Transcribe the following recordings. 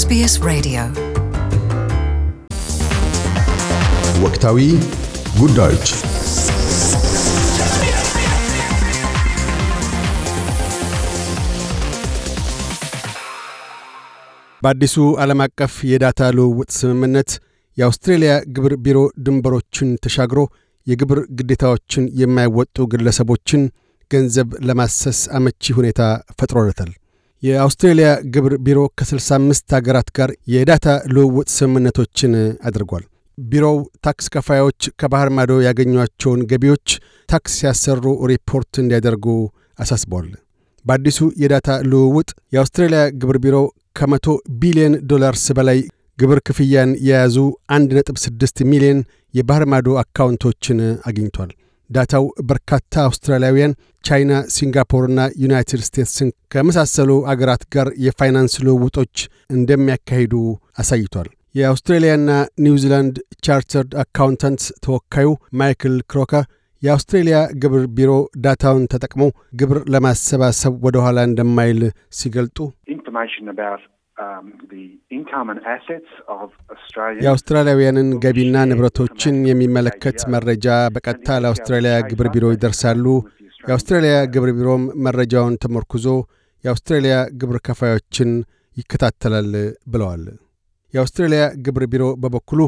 SBS Radio ወቅታዊ ጉዳዮች በአዲሱ ዓለም አቀፍ የዳታ ልውውጥ ስምምነት የአውስትሬልያ ግብር ቢሮ ድንበሮችን ተሻግሮ የግብር ግዴታዎችን የማይወጡ ግለሰቦችን ገንዘብ ለማሰስ አመቺ ሁኔታ ፈጥሮለታል። የአውስትሬልያ ግብር ቢሮ ከ65 ሀገራት ጋር የዳታ ልውውጥ ስምምነቶችን አድርጓል። ቢሮው ታክስ ከፋዮች ከባህር ማዶ ያገኟቸውን ገቢዎች ታክስ ሲያሰሩ ሪፖርት እንዲያደርጉ አሳስቧል። በአዲሱ የዳታ ልውውጥ የአውስትሬልያ ግብር ቢሮ ከመቶ ቢሊዮን ዶላርስ በላይ ግብር ክፍያን የያዙ 1.6 ሚሊዮን የባህር ማዶ አካውንቶችን አግኝቷል። ዳታው በርካታ አውስትራሊያውያን ቻይና፣ ሲንጋፖርና ዩናይትድ ስቴትስን ከመሳሰሉ አገራት ጋር የፋይናንስ ልውውጦች እንደሚያካሂዱ አሳይቷል። የአውስትሬሊያና ኒውዚላንድ ቻርተርድ አካውንታንት ተወካዩ ማይክል ክሮከር የአውስትሬሊያ ግብር ቢሮ ዳታውን ተጠቅሞ ግብር ለማሰባሰብ ወደ ኋላ እንደማይል ሲገልጡ Um, የአውስትራሊያውያንን ገቢና ንብረቶችን የሚመለከት መረጃ በቀጥታ ለአውስትራሊያ ግብር ቢሮ ይደርሳሉ። የአውስትራሊያ ግብር ቢሮም መረጃውን ተመርኩዞ የአውስትራሊያ ግብር ከፋዮችን ይከታተላል ብለዋል። የአውስትራሊያ ግብር ቢሮ በበኩሉ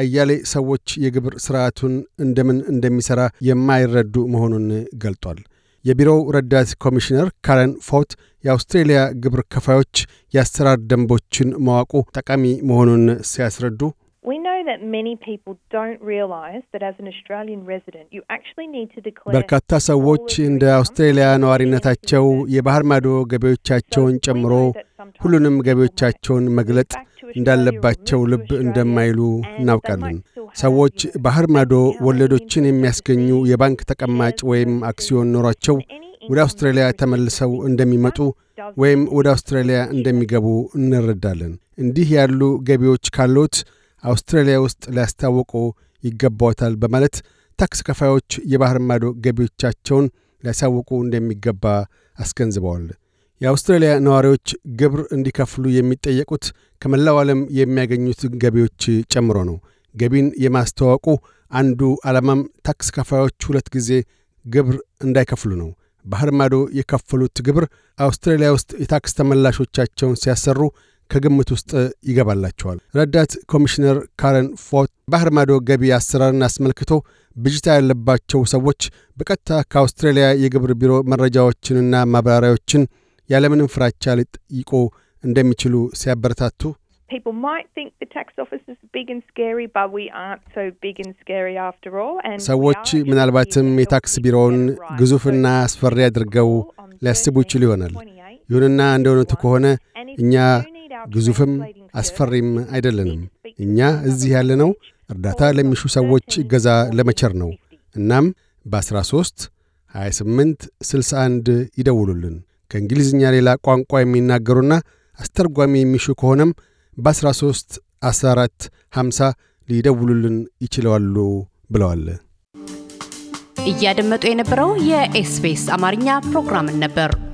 አያሌ ሰዎች የግብር ሥርዓቱን እንደምን እንደሚሠራ የማይረዱ መሆኑን ገልጧል። የቢሮው ረዳት ኮሚሽነር ካረን ፎት የአውስትሬልያ ግብር ከፋዮች የአሰራር ደንቦችን ማዋቁ ጠቃሚ መሆኑን ሲያስረዱ በርካታ ሰዎች እንደ አውስትሬሊያ ነዋሪነታቸው የባህር ማዶ ገቢዎቻቸውን ጨምሮ ሁሉንም ገቢዎቻቸውን መግለጥ እንዳለባቸው ልብ እንደማይሉ እናውቃለን። ሰዎች ባህር ማዶ ወለዶችን የሚያስገኙ የባንክ ተቀማጭ ወይም አክሲዮን ኖሯቸው ወደ አውስትራሊያ ተመልሰው እንደሚመጡ ወይም ወደ አውስትራሊያ እንደሚገቡ እንረዳለን። እንዲህ ያሉ ገቢዎች ካሎት አውስትራሊያ ውስጥ ሊያስታውቁ ይገባዎታል በማለት ታክስ ከፋዮች የባህር ማዶ ገቢዎቻቸውን ሊያሳውቁ እንደሚገባ አስገንዝበዋል። የአውስትራሊያ ነዋሪዎች ግብር እንዲከፍሉ የሚጠየቁት ከመላው ዓለም የሚያገኙት ገቢዎች ጨምሮ ነው። ገቢን የማስተዋወቁ አንዱ ዓላማም ታክስ ከፋዮች ሁለት ጊዜ ግብር እንዳይከፍሉ ነው። ባህር ማዶ የከፈሉት ግብር አውስትራሊያ ውስጥ የታክስ ተመላሾቻቸውን ሲያሰሩ ከግምት ውስጥ ይገባላቸዋል። ረዳት ኮሚሽነር ካረን ፎት ባህር ማዶ ገቢ አሰራርን አስመልክቶ ብዥታ ያለባቸው ሰዎች በቀጥታ ከአውስትራሊያ የግብር ቢሮ መረጃዎችንና ማብራሪያዎችን ያለምንም ፍራቻ ሊጠይቁ እንደሚችሉ ሲያበረታቱ people might think the tax office is big and scary, but we aren't so big and scary after all. And ሰዎች ምናልባትም የታክስ ቢሮውን ግዙፍና አስፈሪ አድርገው ሊያስቡ ይችሉ ይሆናል። ይሁንና እንደ እውነቱ ከሆነ እኛ ግዙፍም አስፈሪም አይደለንም። እኛ እዚህ ያለነው እርዳታ ለሚሹ ሰዎች እገዛ ለመቸር ነው። እናም በ13 28 61 ይደውሉልን። ከእንግሊዝኛ ሌላ ቋንቋ የሚናገሩና አስተርጓሚ የሚሹ ከሆነም በ13 14 50 ሊደውሉልን ይችለዋሉ ብለዋል። እያደመጡ የነበረው የኤስቢኤስ አማርኛ ፕሮግራምን ነበር።